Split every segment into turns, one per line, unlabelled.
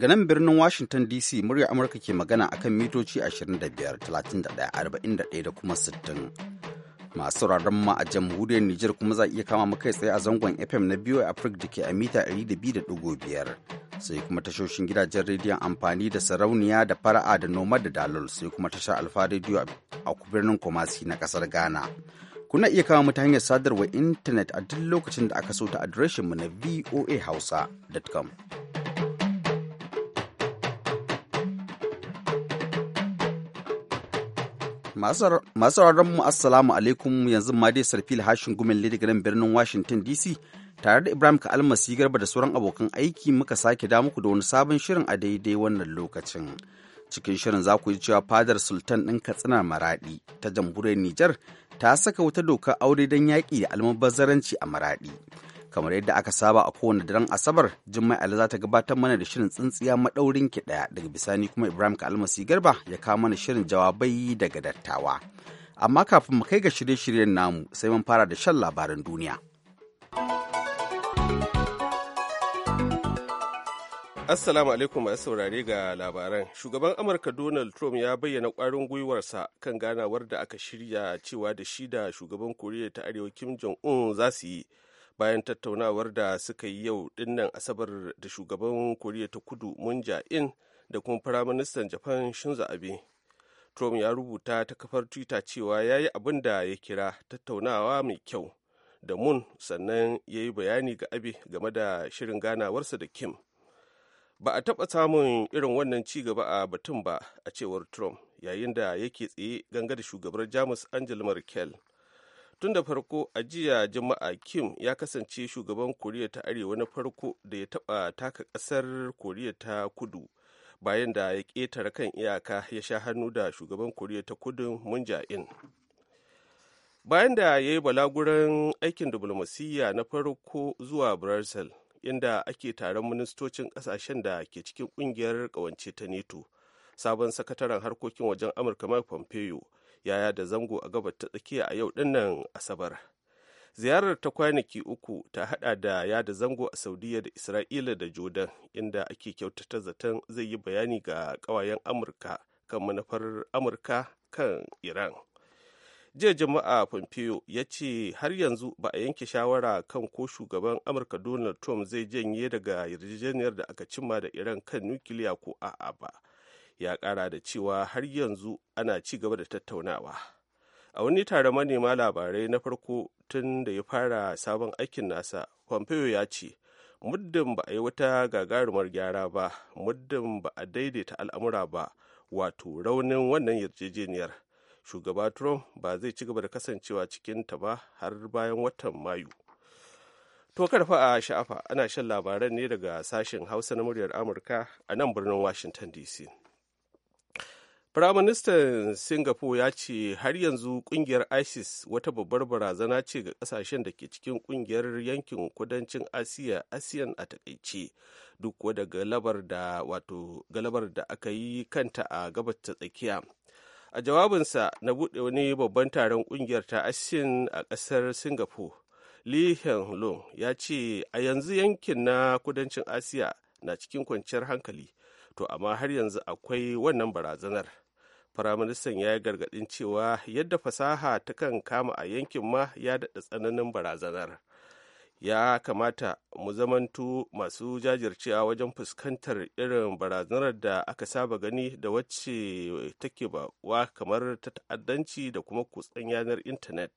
Daga nan birnin Washington DC murya Amurka ke magana akan mitoci 25, 31, 41 da kuma 60. Masu rarren ma a jamhuriyar Nijar kuma za a iya kama kai tsaye a zangon FM na biyu Africa da ke a mita 200.5. Sai kuma tashoshin gidajen rediyon amfani da sarauniya da fara'a da noma da dalol sai kuma tashar alfa rediyo a birnin Kumasi na kasar Ghana. Kuna iya kama mu ta hanyar sadarwar intanet a duk lokacin da aka so ta adireshinmu na voahausa.com. Masu mu Assalamu alaikum yanzu ma dai sarfil hashin gumin lidigirin birnin Washington DC tare da Ibrahim Almasi Garba da sauran abokan aiki muka sake da muku da wani sabon shirin a daidai wannan lokacin. Cikin shirin za ku ji cewa fadar Sultan ɗin Katsina Maraɗi ta jamhuriyar Nijar ta saka wata dokar aure don yaƙi da almabazzaranci a Maraɗi. kamar yadda aka saba a kowane daren asabar jummai ali za ta gabatar mana da shirin tsintsiya maɗaurin ki ɗaya daga bisani kuma ibrahim kalmasi garba ya kawo mana shirin jawabai daga dattawa amma kafin mu kai ga shirye-shiryen namu sai mun fara da shan labaran duniya
Assalamu alaikum masu saurare ga labaran. Shugaban Amurka Donald Trump ya bayyana kwarin gwiwarsa kan ganawar da aka shirya cewa da shida da shugaban Koriya ta Arewa Kim Jong-un za su yi bayan tattaunawar da suka yi yau dinnan asabar da shugaban koriya ta kudu mun in da kuma firaministan japan shinzo abe trump ya rubuta ta kafar twitter cewa ya yi abin da ya kira tattaunawa mai kyau da mun sannan ya yi bayani ga abe game da shirin ganawarsa da kim ba a taɓa samun irin wannan ci gaba a batun ba a cewar trump yayin da yake tsaye ganga da shugabar jamus angela merkel tun da farko a jiya juma'a kim ya kasance shugaban koriya ta arewa na farko da ya taba taka kasar koriya ta kudu bayan da ya ƙetare kan iyaka ya sha hannu da shugaban koriya ta kudu mun in bayan da ya yi balaguran aikin diplomasiyya na farko zuwa brazil inda ake taron ministocin kasashen da ke cikin kungiyar kawance ta neto sabon sakataren harkokin wajen amurka mike pompeo yaya da zango a gabar ta tsakiya a yau dinnan asabar ziyarar ta kwanaki uku ta hada da yada zango a saudiya da isra'ila da jordan inda ake kyautata zaton zai yi bayani ga kawayen amurka kan manufar amurka kan iran jiya jama'a pompeo ya ce har yanzu ba a yanke shawara kan ko shugaban amurka donald trump zai janye daga yarjejeniyar da aka cimma da iran kan nukiliya ko a'a ba ya kara da cewa har yanzu ana ci gaba da tattaunawa a wani tare manema labarai na farko tun da ya fara sabon aikin nasa pompeo ya ce muddin ba a yi wata gagarumar gyara ba muddin ba a daidaita al'amura ba wato raunin wannan yarjejeniyar shugaba trump ba zai ci gaba da kasancewa cikin ta ba har bayan watan mayu to karfa a sha'afa ana shan labaran ne daga sashen hausa na muryar amurka a nan birnin washington dc Firaministan Singapore ya ce har yanzu kungiyar ISIS wata babbar barazana ce ga kasashen da ke cikin kungiyar yankin kudancin Asiya ASEAN a takaice duk wadda galabar da wato galabar da aka yi kanta a gabas ta tsakiya. A jawabinsa na buɗe wani babban taron kungiyar ta ASEAN a ƙasar Singapore, Lee Heng Long ya ce a yanzu yankin na kudancin Asiya na cikin kwanciyar hankali. to amma har yanzu akwai wannan barazanar firaministan ya yi gargadin cewa yadda fasaha ta kan kama a yankin ma ya daɗa tsananin barazanar ya kamata mu zamantu masu jajircewa wajen fuskantar irin barazanar da aka saba gani da wacce take bawa kamar ta ta'addanci da kuma kutsen yanar intanet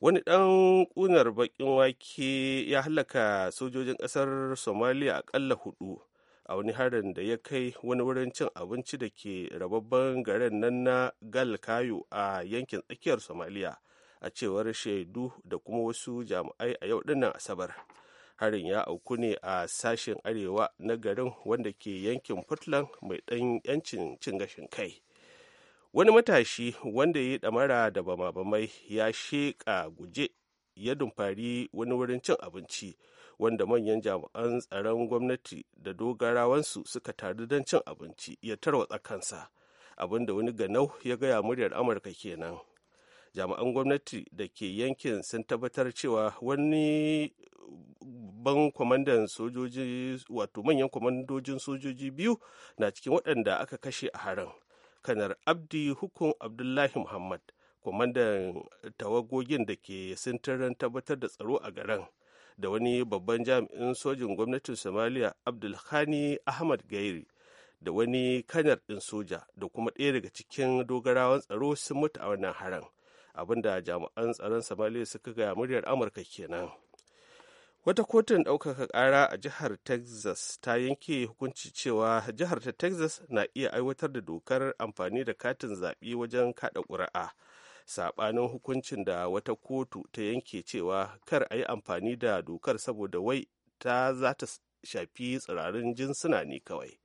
wani ɗan ƙunar baƙin wake ya halaka sojojin ƙasar somaliya aƙalla hudu a wani harin da ya kai wani wurin cin abinci da ke rababban garin nan na gal kayo a yankin tsakiyar somaliya a cewar shaidu da kuma wasu jami'ai a yau dinnan asabar harin ya auku ne a sashen arewa na garin wanda ke yankin portland mai ɗan yancin cin gashin kai wani matashi wanda ya yi ɗamara da bama-bamai ya sheƙa guje ya dumfari wani wurin cin abinci wanda manyan jami'an tsaron gwamnati da dogarawansu suka taru don cin abinci ya tarwatsa kansa abin da wani ganau ya gaya muryar amurka kenan jami'an gwamnati da ke yankin sun tabbatar cewa wani ban kwamandan sojoji wato manyan kwamandojin sojoji biyu na cikin waɗanda aka kashe a harin kanar abdi hukun abdullahi muhammad kwamandan tawagogin da ke sintirin tabbatar da tsaro a garin da wani babban jami'in sojin gwamnatin somaliya abdulhani ahmad gairi da wani kanar ɗin soja da kuma ɗaya daga cikin dogarawan tsaro sun mutu a wannan haran abinda jami'an tsaron somaliya suka gaya muryar amurka kenan wata kotun ɗaukaka ƙara a jihar texas ta yanke hukunci cewa jihar ta texas na iya aiwatar da dokar amfani da katin zaɓe wajen kaɗa ƙuri'a saɓanin hukuncin da wata kotu ta yanke cewa kar a yi amfani da dokar saboda wai ta za ta shafi tsirarin jinsuna ne kawai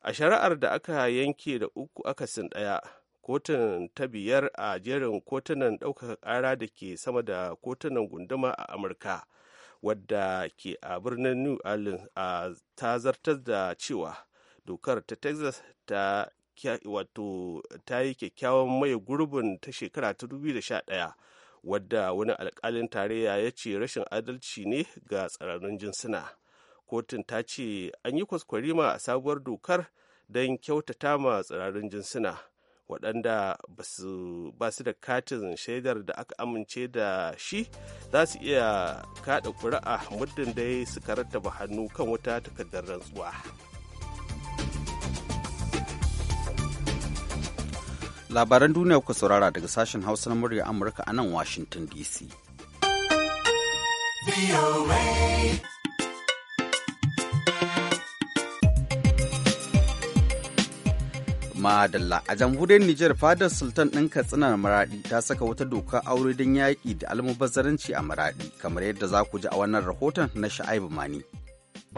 a shari'ar da aka yanke da uku akasin ɗaya kotun ta biyar a jerin kotunan ɗaukaka ƙara da ke sama da kotunan gunduma a amurka wadda ke a birnin new orleans ta zartar da cewa dokar ta texas ta wato ta yi kyakkyawan mai gurbin ta shekara ta 2011 wadda wani alkalin tarayya ya ce rashin adalci ne ga tsararrun jinsuna kotun ta ce an yi kwaskwarima a sabuwar dokar don kyautata ma tsararrun jinsuna waɗanda ba su da katin shaidar da aka amince da shi za su iya kaɗa ƙuri'a muddin dai suka rattaba hannu kan wata takardar rantsuwa.
labaran duniya kuka saurara daga sashen hausa na murya amurka a nan washington dc Madalla a jamhuriyar Nijar fadar Sultan ɗin Katsina na Maradi ta saka wata doka aure don yaƙi da almubazzaranci a Maradi kamar yadda za ku ji a wannan rahoton na Sha'ibu Mani.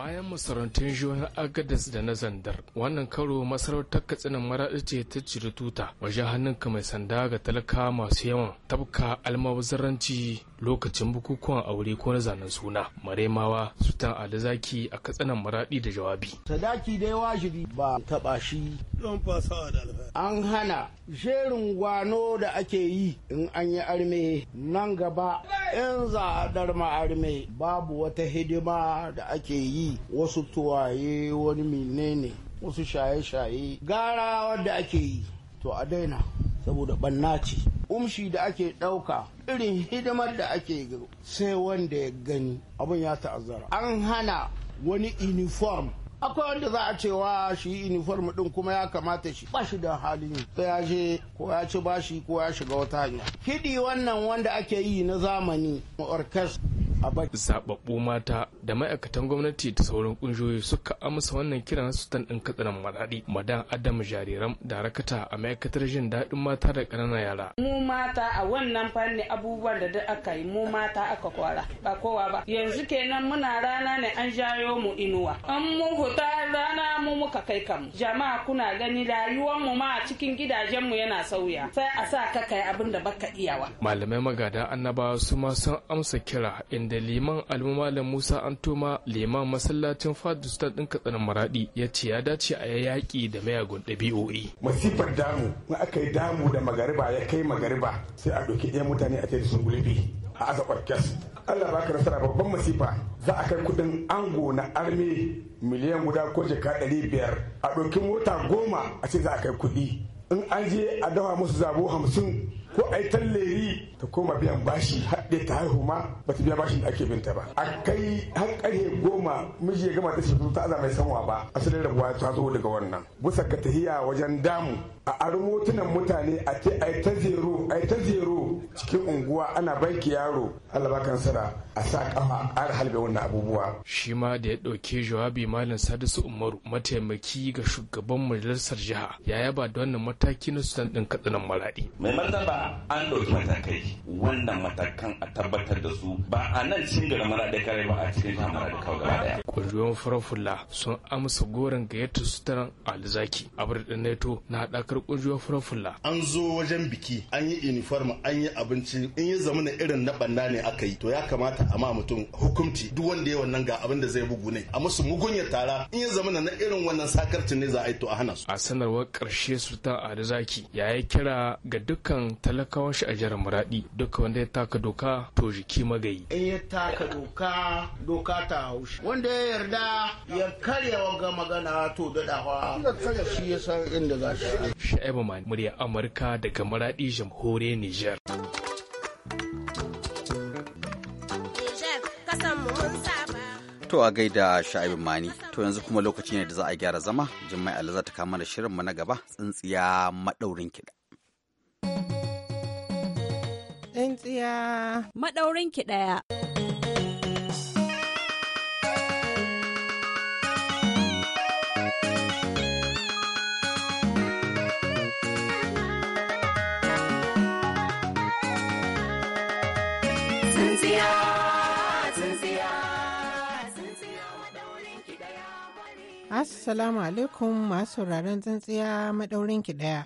bayan masarautun jihohin agadas da na zandar wannan karo masarautar katsinan maraɗi ce ta ciri tuta wajen ka mai sanda ga talaka masu yawan tabka almabazaranci lokacin bukukuwan aure ko na zanen suna maremawa sultan alizaki a katsinan maraɗi da jawabi sadaki dai washiri ba taɓa shi don da
an hana jerin gwano da ake yi in an yi arme nan gaba Yan za a ma'arme babu wata hidima da ake yi wasu tuwaye wani menene wasu shaye-shaye gara wadda ake yi to a daina saboda banna ce umshi da ake ɗauka irin hidimar da ake sai wanda ya gani abin ya ta'azzara an hana wani uniform akwai wanda za a cewa shi uniform din kuma ya kamata shi ba shi da halin sai ya je ko ya ci bashi ko ya shiga wata hanya kiɗi wannan wanda ake yi na zamani orkestra
zababbu mata da ma'aikatan gwamnati da sauran kungiyoyi suka amsa wannan kiran sultan din katsiran maradi madan adam jariram da rakata a ma'aikatar jin daɗin mata da ƙananan yara
mu mata a wannan fanni abubuwan da duk aka yi mu mata aka kwara ba kowa ba yanzu kenan muna rana ne an jayo mu inuwa an mu huta rana mu muka kai kanmu jama'a kuna gani rayuwar mu ma a cikin gidajen mu yana sauya sai a sa ka kai abin da baka iyawa
malamai magada annabawa su ma sun amsa kira inda inda liman almumalam musa an toma liman masallacin fadu stad ɗin katsinan maradi ya ce ya dace a yaƙi da mayagun ɗabi'o'i
masifar damu in aka yi damu da magariba ya kai magariba sai a ɗauki ɗaya mutane a kai sun gulbi a aza orkes allah ba ka nasara babban masifa za a kai kuɗin ango na arme miliyan guda ko jaka ɗari biyar a ɗauki mota goma a ce za a kai kuɗi in an je a dawa musu zabo hamsin ko a yi talleri ta koma biyan bashi har da ta haihu ma ba ta biya bashin da ake binta ba a kai har karfe goma miji ya gama ta shi ta aza mai sanwa ba asalin rabuwa ta zo daga wannan bisa ka tahiya wajen damu a armotunan mutane a ce ai ta zero ai ta zero cikin unguwa ana baiki yaro Allah bakan sara a sa kafa a halbe wannan abubuwa
shi ma da ya dauke jawabi malam Sadisu Umaru mataimaki ga shugaban majalisar jiha ya yaba da wannan mataki na sutan din katsinan maradi mai martaba
an dauki matakai wannan matakan a tabbatar da su ba a nan cikin gari mara da kare ba a cikin jihar mara da kawo gaba daya.
Kungiyoyin farar sun amsa goron gayyatar suturan alzaki a birnin neto na haɗakar kungiyoyin farar
An zo wajen biki an yi uniform an yi abinci in yi zama na irin na banda ne aka yi to ya kamata a ma mutum hukunci duk wanda ya wannan ga abin da zai bugu ne a musu mugunya tara
in ya zama na irin wannan sakarci ne za a yi to a hana su. A sanarwar ƙarshe sultan alzaki ya yi kira ga dukkan talakawan shi a jihar Muradi duka wanda ya taka doka doka to jiki magayi
in ya taka doka doka ta haushi wanda ya yarda ya karya wanga magana to dadawa shi ya san inda za shi
sha'ibu mani murya amurka daga maradi jamhuriyar Nijar.
To a gaida sha'ibu mani to yanzu kuma lokaci ne da za a gyara zama jimmai alaza ta kama da shirinmu na gaba tsintsiya maɗaurin kiɗa. tsintsiya maɗaurin ki ɗaya.
Assalamu alaikum masu sauraron tsintsiya maɗaurin ki ɗaya.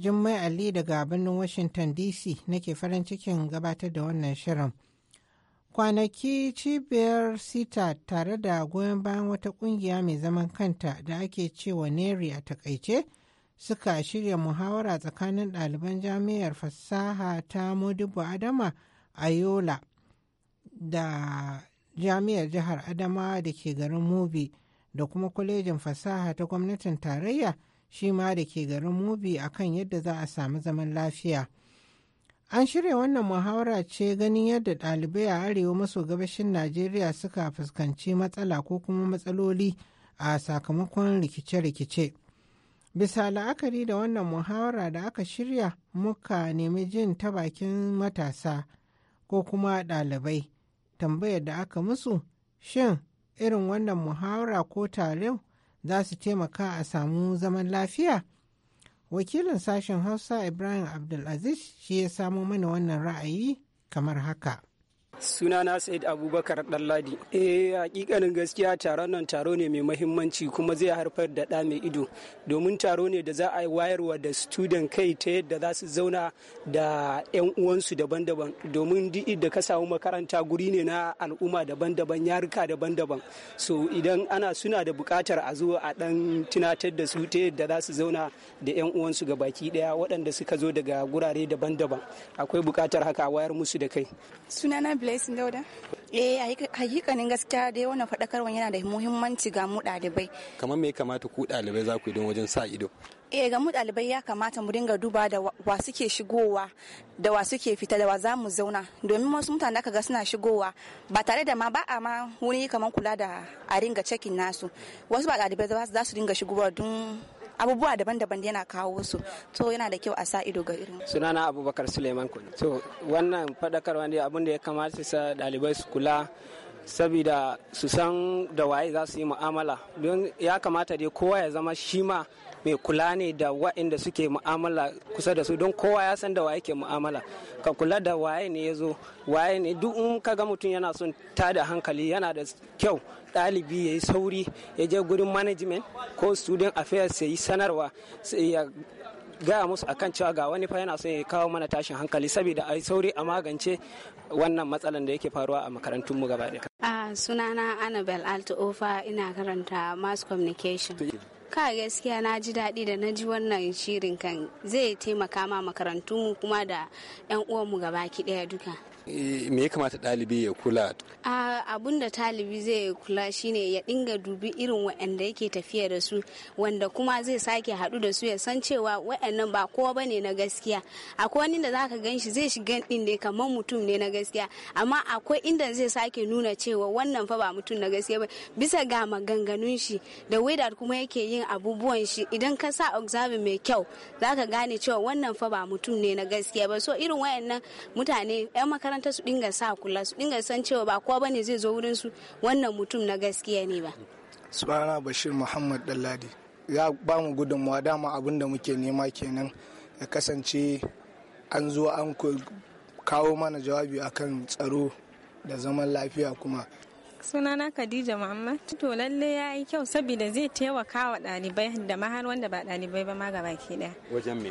Jummai Ali daga birnin Washington DC nake farin cikin gabatar da wannan shirin. Kwanaki cibiyar sita tare da goyon bayan wata kungiya mai zaman kanta da ake cewa Neri a takaice suka shirya muhawara tsakanin ɗaliban jami'ar fasaha ta Modibo Adama a Yola da jami'ar jihar adama da ke garin Mobi da kuma kwalejin fasaha ta gwamnatin tarayya shi ma da ke garin mubi akan yadda za a sami zaman lafiya an shirya wannan muhawara ce ganin yadda ɗalibai a arewa maso gabashin najeriya suka fuskanci matsala ko kuma matsaloli a sakamakon rikice-rikice bisa la'akari da wannan muhawara da aka shirya muka nemi jin ta bakin matasa ko kuma ɗalibai tambayar da aka musu shin irin wannan muhawara ko tare za su taimaka a samu zaman lafiya? Wakilin sashen Hausa Ibrahim Abdulaziz shi ya samo mana wannan ra'ayi kamar haka.
Suna na said abubakar ɗanladi eh hakikanin gaskiya taron nan taro ne mai mahimmanci kuma zai harfar da ɗa mai ido domin taro ne da za a wayarwa da student kai ta yadda za su zauna da 'yan uwansu daban-daban domin duk da ka samu makaranta guri ne na al'umma daban-daban yaruka daban-daban so idan ana suna da buƙatar a zo a ɗan tunatar da su ta yadda za su zauna da 'yan uwansu ga baki ɗaya waɗanda suka zo daga gurare daban-daban akwai buƙatar haka wayar musu da kai
Blessing Dauda. Eh hakikanin gaskiya da yawan faɗakarwa yana da muhimmanci ga mu ɗalibai.
Kamar me ya kamata ku ɗalibai za ku yi don wajen sa ido?
Eh ga mu ɗalibai ya
kamata mu dinga duba da wa suke shigowa da wa suke fita da wa za mu zauna domin wasu mutane aka ga suna shigowa ba tare da ma ba a ma wuni kamar kula da a ringa cekin nasu wasu ba ɗalibai za su dinga shigowa don abubuwa daban-daban yana kawo su to yana da kyau a sa ido ga irin sunana abubakar suleiman Kun. to wannan faɗakarwa ne abin da ya kamata sa ɗalibai su kula saboda su san da waye za su yi mu'amala don ya kamata dai kowa ya zama shi ma mai kula ne da waɗanda suke mu'amala kusa da su don kowa ya san da waye ke mu'amala ka kula da waye ne ya zo waye ne duk in ka ga mutum yana son ta da hankali yana da kyau ɗalibi ya yi sauri ya je gurin management ko student affairs ya yi sanarwa gaya musu akan cewa ga wani fa yana so ya kawo mana tashin hankali saboda a sauri a magance wannan matsalan da yake faruwa a makarantunmu gaba ɗaya. a sunana annabel alto ofa ina karanta mass communication ka gaskiya na ji daɗi da na ji wannan shirin kan zai taimaka ma makarantunmu kuma da 'yan uwanmu gaba ki ɗaya duka Eh, me ya kamata ɗalibi ya kula abun da ɗalibi zai kula shine ya dinga dubi irin waɗanda yake tafiya da su wanda kuma zai sake haɗu da su ya san cewa waɗannan ba kowa bane na gaskiya akwai wani da zaka ganshi zai shiga din ne kamar mutum ne na gaskiya amma akwai inda zai sake nuna cewa wannan fa ba mutum na gaskiya ba bisa ga maganganun shi da widar kuma yake yin abubuwan shi idan ka sa observing mai kyau zaka gane cewa wannan fa ba mutum ne na gaskiya ba so irin waɗannan mutane 'yan makaranta makaranta su dinga sa kula su dinga san cewa ba kowa bane zai zo wurin su wannan mutum na gaskiya ne ba sunana bashir muhammad dalladi ya ba mu dama abin da muke nema kenan ya kasance an zo an kawo mana jawabi akan tsaro da zaman lafiya kuma
sunana khadija muhammad to lalle ya yi kyau saboda zai taimaka wa ɗalibai da mahar wanda ba ɗalibai ba ma gaba ke daya
wajen me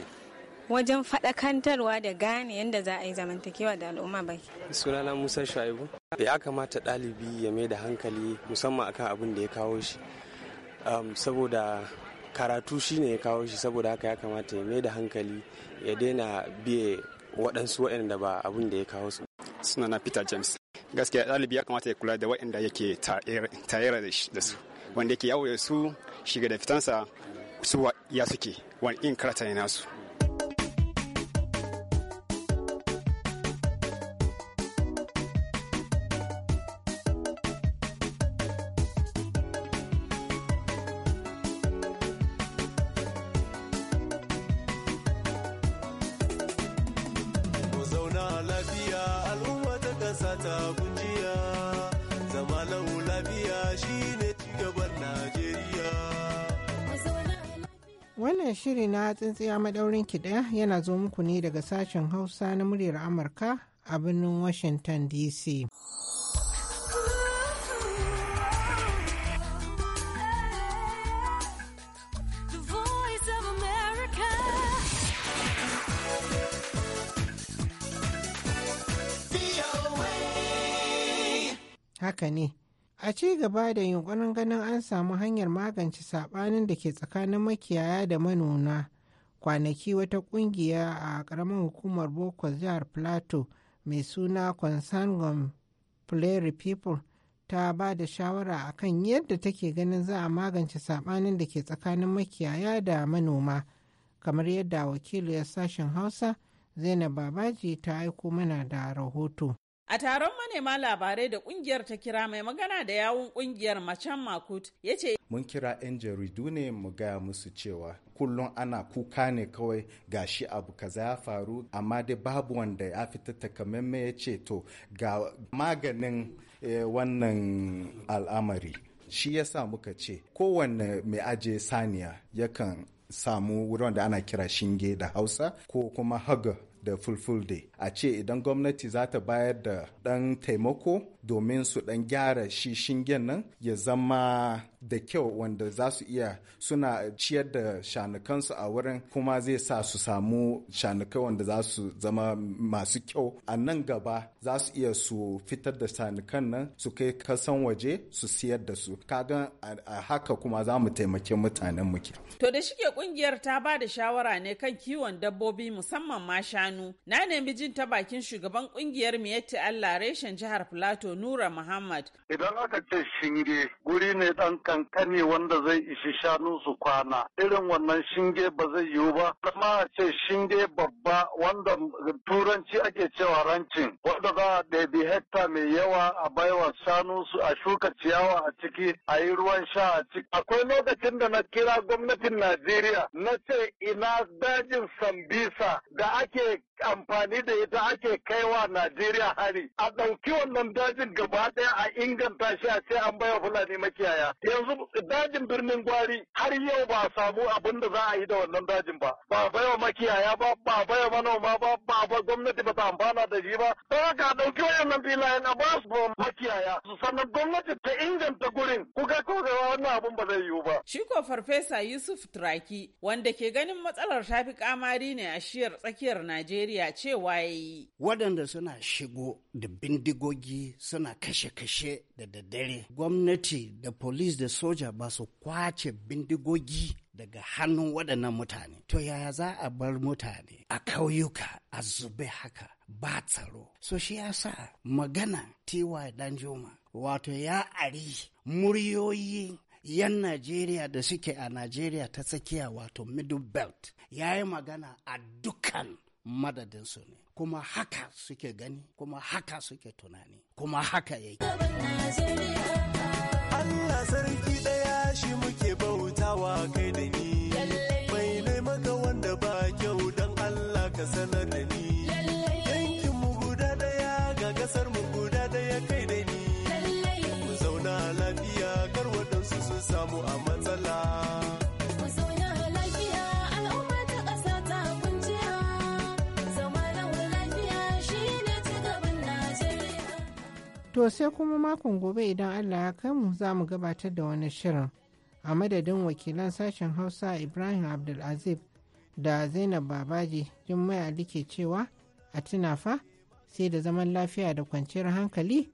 wajen faɗakantarwa da gane yadda za a yi zamantakewa da al'umma bai. sunana musa shaibu ya kamata ɗalibi ya mai da hankali musamman akan abin da ya kawo shi um, saboda karatu shi ne ya kawo shi saboda haka ya kamata ya mai da hankali ya daina biye waɗansu waɗanda ba abin da ya kawo su sunana peter james gaskiya ɗalibi ya kamata ya kula da waɗanda yake tayar da su wanda yake yawo da su shiga da fitansa su ya suke wani in karata ne nasu
tsintsiya madaurin ki ɗaya yana zo muku ne daga sashen Hausa na muryar Amurka a birnin Washington DC. Haka ne. a ci gaba da yunkurin ganin an samu hanyar magance saɓanin da ke tsakanin makiyaya da manona kwanaki wata kungiya a ƙaramin hukumar boko jihar plateau mai suna consangon Plary people ta ba da shawara a akan yadda take ganin za a magance saɓanin da ke tsakanin makiyaya da manoma kamar yadda wakiliyar sashen hausa zainab babaji ta aiko mana da rahoto
A taron manema labarai da kungiyar ta kira mai magana da yawun kungiyar Macan Makut ya ce Mun kira 'yan jaridu ne mu gaya musu cewa kullum ana kuka ne kawai ga shi abu kaza ya faru amma dai babu wanda ya fita takamaimai ya ce to ga maganin eh, wannan al'amari. Shi ya sa muka ce kowanne mai aje saniya yakan samu wurin da ana kira shinge da hausa ko kuma haga da fulfulde a ce idan gwamnati za ta bayar da ɗan taimako domin su ɗan gyara shi shingen nan ya zama da kyau wanda za su iya suna ciyar da shanukansu a wurin kuma zai sa su samu shanukai wanda za su zama masu kyau a nan gaba za su iya su fitar da shanukan nan su kai kasan waje su siyar da su kaga a haka kuma za mu taimake mutanen muke to da shike kungiyar ta ba da shawara ne kan
kiwon dabbobi musamman ma shanu na nemi jin ta bakin shugaban kungiyar miyatti Allah reshen jihar Plateau Nura Muhammad
idan aka ce shinge guri ne dan kan kankani wanda zai ishi shanu su kwana irin wannan shinge ba zai yiwu ba kuma a ce shinge babba wanda turanci ake cewa rancin wanda za a ɗabi hekta mai yawa a baiwa shanu su a shuka ciyawa a ciki a yi ruwan sha a ciki akwai lokacin da na kira gwamnatin najeriya na ce ina dajin sambisa da ake amfani da ita ake kai wa Najeriya hari. A ɗauki wannan dajin gaba ɗaya a inganta shi a ce an baiwa Fulani makiyaya. Yanzu dajin birnin gwari har yau ba samu abin da za a yi da wannan dajin ba. Ba baiwa makiyaya ba, ba baiwa manoma ba, ba ba gwamnati ba ta amfana da shi ba. Don haka a ɗauki wannan filayen a ba su makiyaya. Sannan gwamnati ta inganta gurin. ko gaba wannan
abin ba zai yiwu ba. Shi ko Farfesa Yusuf Turaki wanda ke ganin matsalar tafi kamari ne a shiyar tsakiyar Najeriya. Najeriya cewa ya yi.
Waɗanda suna shigo da bindigogi suna kashe-kashe da daddare. Gwamnati da polis da soja ba su kwace bindigogi daga hannun waɗannan mutane. To ya za a bar mutane a kauyuka a zube haka ba tsaro. So shi ya sa magana T.Y. Danjuma wato ya ari muryoyi 'yan Najeriya da suke a Najeriya ta tsakiya wato Middle Belt ya yi magana a dukkan madadinsu ne kuma haka suke gani kuma haka suke tunani kuma haka yake Allah sarki daya shi muke bautawa kai da ni bai maka wanda ba kyau dan Allah ka sanar da ni
To sai kuma makon gobe idan Allah ya kai mu za mu gabatar da wani shirin. A madadin wakilan sashen Hausa Ibrahim Abdulaziz da Zainab Babaji Jummai Ali ke cewa a tuna fa sai da zaman lafiya da kwanciyar hankali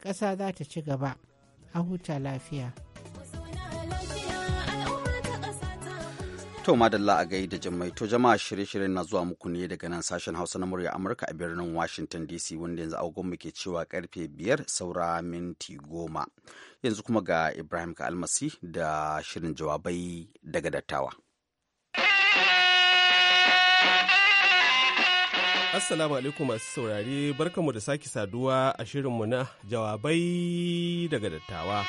ƙasa za ta ci gaba. A huta lafiya.
To madalla a gai da to jama'a shirye-shiryen na zuwa muku ne daga nan sashen Hausa na murya Amurka a birnin Washington DC wanda yanzu agogon muke cewa karfe biyar saura minti goma. Yanzu kuma ga Ibrahim ka almasi da shirin jawabai daga dattawa.
Assalamu alaikum masu saurare barkamu da sake saduwa a shirinmu na jawabai daga dattawa.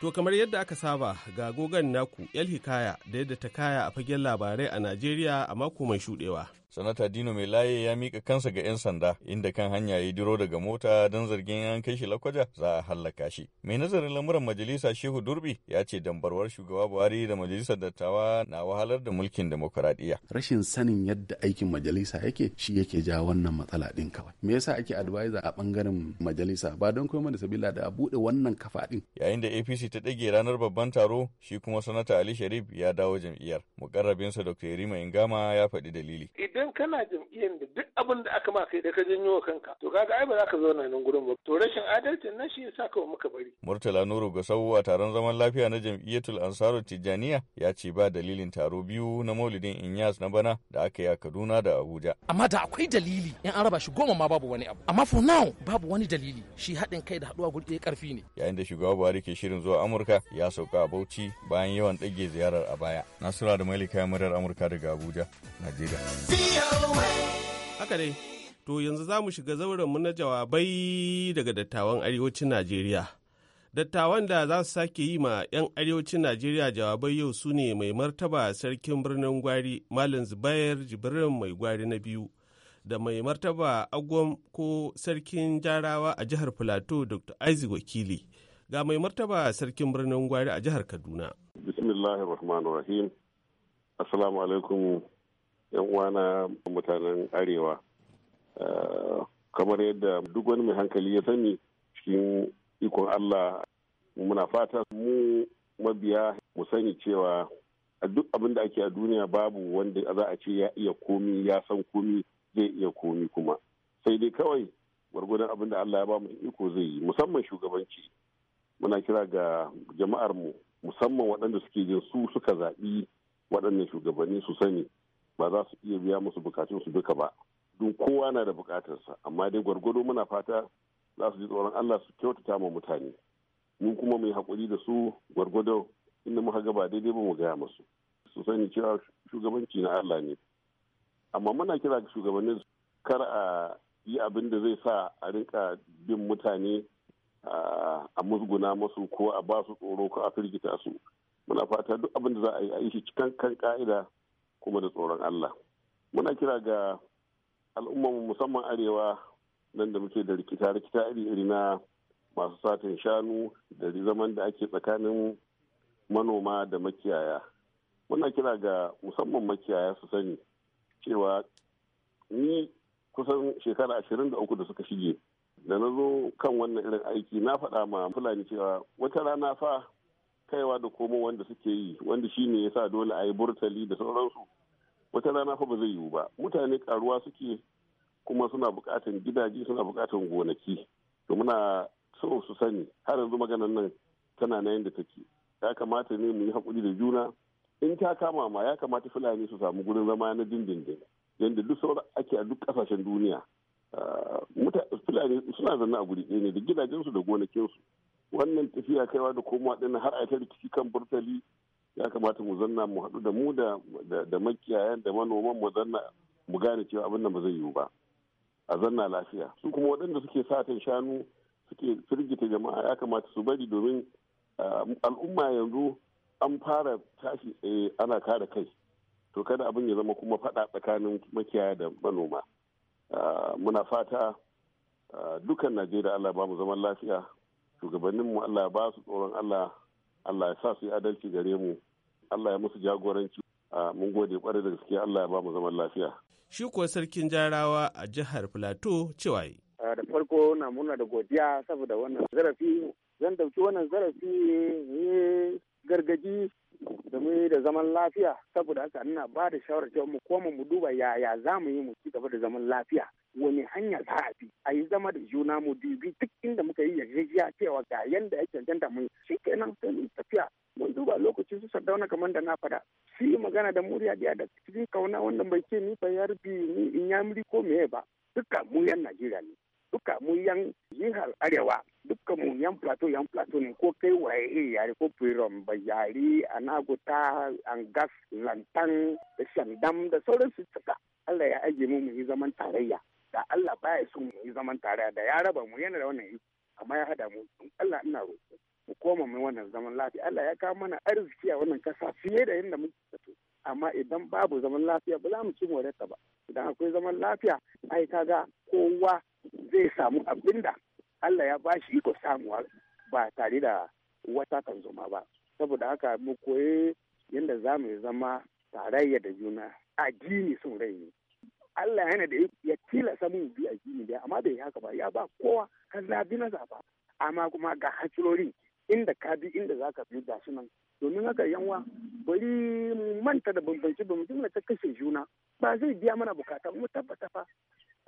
To kamar yadda aka saba ga gogan naku El Hikaya da yadda ta kaya a fagen labarai a Najeriya
a mako mai shudewa. sanata dino mai laye ya mika kansa ga 'yan sanda inda kan hanya ya diro daga mota don zargin an kai shi lakwaja za a hallaka shi mai nazarin lamuran majalisa shehu durbi ya ce dambarwar shugaba buhari da majalisar dattawa na wahalar da mulkin demokuraɗiyya
rashin sanin yadda aikin majalisa yake shi yake ja wannan matsala din kawai me yasa ake advisor a bangaren majalisa ba don kuma da sabila da a buɗe wannan kafa din
yayin da apc ta ɗage ranar babban taro shi kuma sanata ali sharif ya dawo jam'iyyar mukarrabinsa dr yarima ingama ya faɗi dalili
idan kana jam'iyyar da duk abin da aka ma kai da ka janyo wa kanka to kaga
ai ba za ka zo nan gurin ba to rashin adalcin nan shi yasa kawai muka bari
Murtala Nuru ga a taron zaman lafiya na jam'iyyatul Ansarut Tijaniya ya ce ba dalilin taro biyu na Maulidin Inyas na bana da aka yi a Kaduna da Abuja
amma da akwai dalili in an raba shi goma ma babu wani abu amma for now babu wani dalili shi haɗin kai da haɗuwa guri ɗaya ƙarfi ne
yayin da shugaba Buhari ke shirin zuwa Amurka ya sauka a Bauchi bayan yawan ɗage ziyarar a baya Nasiru da Malika murar Amurka daga Abuja Najeriya
Haka dai, to yanzu za mu shiga zauren na jawabai daga dattawan arewacin Najeriya. Dattawan da za su sake yi ma 'yan arewacin Najeriya jawabai yau su ne mai martaba sarkin birnin gwari Malam Zubair Jibrin mai gwari na biyu da mai martaba agwam ko sarkin jarawa a jihar Filato Dr. Isaac Wakili. Ga mai martaba sarkin birnin gwari a jihar Kaduna.
Bismillahirrahmanirrahim. Assalamu alaikum yan uwana mutanen arewa eh, kamar yadda duk wani mai hankali ya sani cikin ikon allah muna fata mu mabiya mu sani cewa a duk abin da ake a duniya babu wanda za a ce ya iya komi ya san komi zai iya komi kuma sai dai kawai gwargwadon abin da allah ya ba mu iko zai yi musamman shugabanci muna kira ga jama'ar mu musamman waɗanda suke jin su suka zaɓi waɗannan shugabanni su sani ba za su iya biya musu su duka ba don kowa na da bukatarsa amma dai gwargwado muna fata za su ji tsoron allah su kyautata ma mutane mun kuma mu yi haƙuri da su gwargwado inda muka gaba daidai ba mu gaya musu su sani cewa shugabanci na allah ne amma muna kira ga shugabannin kar a yi abin da zai sa a rinka bin mutane a musguna masu ko a ba su tsoro ko a firgita su muna fata duk abin da za a yi a yi shi cikin kan ka'ida kuma da tsoron Allah. Muna kira ga al'umman musamman arewa nan da muke da rikita-rikita iri-iri na masu satin shanu da zaman da ake tsakanin manoma da makiyaya. Muna kira ga musamman makiyaya su sani cewa ni kusan shekara ashirin da uku da suka shige da na zo kan wannan irin aiki na faɗa ma fulani cewa wata rana fa kaiwa da komo wanda suke yi wanda shi ne ya sa dole a yi burtali da sauransu wata rana fa ba zai yiwu ba mutane karuwa suke kuma suna bukatan gidaje suna bukatan gonaki to muna so su sani har yanzu maganan nan tana na yadda take ya kamata ne mu yi hakuri da juna in ta kama ma ya kamata fulani su samu gurin zama na dindindin yadda duk sauran ake a duk kasashen duniya ah, fulani suna zanna a guri ɗaya ne da gidajensu da gonakinsu wannan tafiya kaiwa da komowa ɗin har a ta rikici kan burtali ya kamata mu zanna mu haɗu da mu da makiyayan da manoman mu zanna mu gane cewa abin nan ba zai yiwu ba a zanna lafiya su kuma waɗanda suke satan shanu suke firgita jama'a ya kamata su bari domin al'umma yanzu an fara tashi tsaye ana kare kai to kada abin ya zama kuma faɗa tsakanin makiyaya da manoma muna fata dukan najeriya allah ba mu zaman lafiya shugabanninmu Allah ya ba su tsoron Allah Allah ya sa su yi adalci gare mu Allah ya musu jagoranci mun gode kwarai da gaske Allah ya ba mu zaman lafiya
shi kuwa sarkin jarawa a jihar Plateau cewa
da farko na muna da godiya saboda wannan zarafi zan dauki wannan zarafi ne gargaji da mu da zaman lafiya saboda haka ina ba da shawarar cewa mu koma mu duba yaya za mu yi mu ci gaba da zaman lafiya wani hanya za a bi a yi zama da juna mu dubi duk inda muka yi yarjejiya cewa ga yanda ya cancanta mu shi kenan sai mu tafiya mun duba lokacin su sardauna kamar da na fada su yi magana da murya da cikin kauna wannan bai ce ni bayar bi ni in yamiri ko meye ba duka mu yan najeriya ne duka mu yan jihar arewa duka mu yan plateau yan plateau ne ko kai waye iri eh, yare ko firon bayari anaguta angas lantan da shandam da sauransu suka Allah ya ajiye mu mu yi zaman tarayya da Allah baya son mu yi zaman tare da ya raba mu yana da wannan iko amma ya hada mu in Allah ina roƙo mu koma mu wannan zaman lafiya Allah ya kawo mana arziki a wannan kasa fiye da yadda muke zato amma idan babu zaman lafiya ba za mu ci ta ba idan akwai zaman lafiya ai ga kowa zai samu abinda Allah ya ba shi iko samuwa ba tare da wata tanzoma ba saboda haka mu koyi yadda za mu zama tarayya da juna addini sun rai Allah yana da ya tilasa mun bi addini da amma bai haka ba ya ba kowa ka zabi na zaba amma kuma ga hacilori inda ka bi inda za ka bi ga nan domin haka yanwa bari mu manta da bambanci ba mutum ta kashe juna ba zai biya mana bukata mu tabbata fa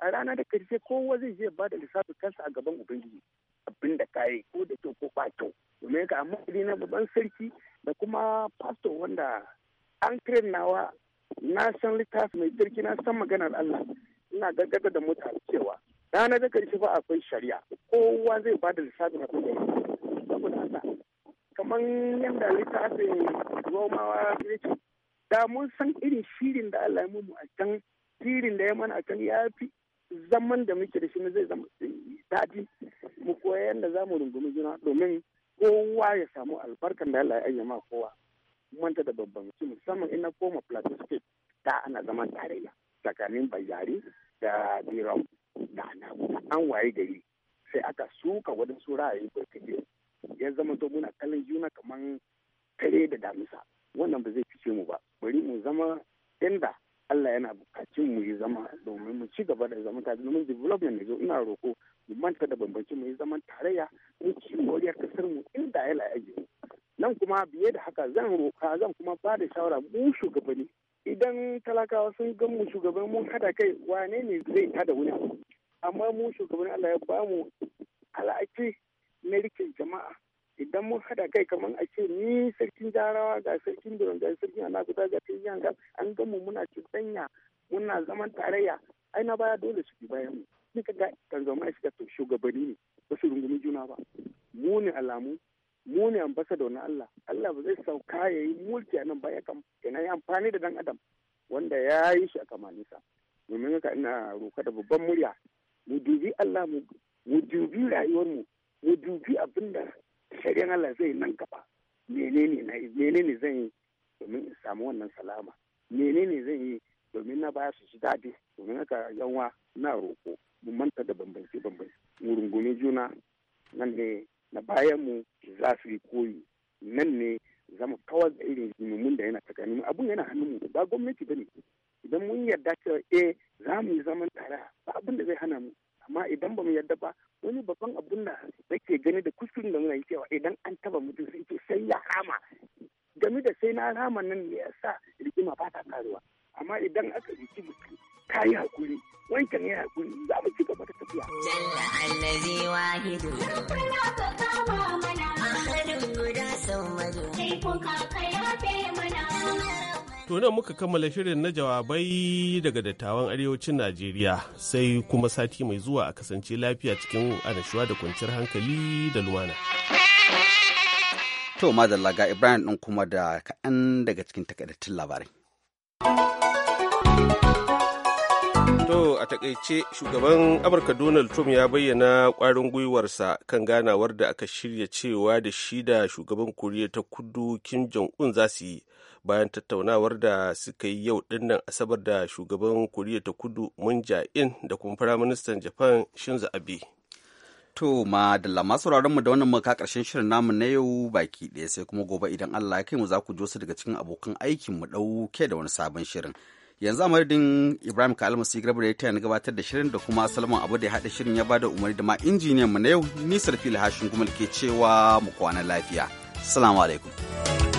a rana da karshe kowa zai je ba da lissafin kansa a gaban ubangiji abin da kayi ko da kyau ko ba kyau domin haka amma na babban sarki da kuma pastor wanda an nawa na san littafi mai jirgi na san maganar Allah ina gaggada da mutane cewa ranar da karshe ba akwai shari'a kowa zai ba da na abin da saboda haka kamar yadda littafin romawa ya ce da mun san irin shirin da Allah ya mu a can shirin da ya mana a can ya fi zaman da muke da shi ne zai zama daɗi mu koya yadda za mu rungumi juna domin kowa ya samu albarkar da Allah ya ayyama kowa manta da babban su musamman ina koma plateau state ta ana zaman tarayya tsakanin bayari da biram da anaguda an waye gari sai aka suka su ra'ayin barkaje ya zama to muna kallon juna kamar kare da damisa wannan ba zai fice mu ba bari mu zama inda Allah yana bukacin mu yi zama domin mu ci gaba da zama tare domin development ne zo ina roko mu manta da bambancin mu yi zaman tarayya mu ci moriyar kasar mu inda ya la'aji nan kuma biye da haka zan roka zan kuma ba da shawara mu shugabanni idan talakawa sun gan mu shugaban mun hada kai wane ne zai ta wani amma mu shugaban Allah ya ba mu al'aki na rikin jama'a idan mun hada kai kamar a ce ni sarkin jarawa ga sarkin biron ga sarkin anaguda ga sarkin yanka an gamu muna cuɗanya muna zaman tarayya ai na baya dole su bi bayan mu duka ga kan zama shiga shugabanni ne ba su rungumi juna ba mu ne alamu mu ne ambassador na Allah Allah ba zai sauka ya yi mulki a nan ba yakan ina yi amfani da dan adam wanda ya yi shi a kamalisa domin haka ina roka da babban murya mu dubi Allah mu mu dubi rayuwar mu mu dubi abin da shari'an Allah zai nan gaba menene na menene zan yi domin in samu wannan salama menene zan yi domin na baya su ji daɗi domin haka yanwa na roko mu manta da bambanci bambanci mu rungume juna nan ne na mu za su yi koyi nan ne za mu kawar da irin zimumin da yana tsakanin abun yana mu ba gwamnati ba ne idan mun yarda cewa eh za mu yi zaman tare ba abin da zai hana mu amma idan ba mu yarda ba wani babban abun da nake gani da kuskuren da muna yi cewa idan an taba mutum sai ce sai ya rama game da sai na rama nan ne ya sa
To nan muka kammala shirin na jawabai daga dattawan arewacin Najeriya sai kuma sati mai zuwa a kasance lafiya
cikin anashuwa da kwanciyar hankali da lumana. To madalla ga Ibrahim ɗin kuma da kaɗan daga cikin takaddatun labarai.
a takaice shugaban Amurka Donald Trump ya bayyana kwarin gwiwarsa kan ganawar da aka shirya cewa da shi da shugaban Koriya ta Kudu Kim Jong-un za su yi bayan tattaunawar da suka yi yau dinnan Asabar da
shugaban Koriya ta Kudu Moon Jae-in da kuma Firaministan Japan Shinzo Abe. To ma da lama sauraron mu da wannan muka karshen shirin namu na yau baki ɗaya sai kuma gobe idan Allah ya kai mu za ku jo su daga cikin abokan aikin mu ɗauke da wani sabon shirin. yanzu a Ibrahim ibrahim kalmasi da ya tayar gabatar da shirin da kuma salman abu da ya haɗa shirin ya bada umarni da ma injiniyan mu na yau ni fili Lahashin kuma ke cewa mu kwana lafiya salamu alaikum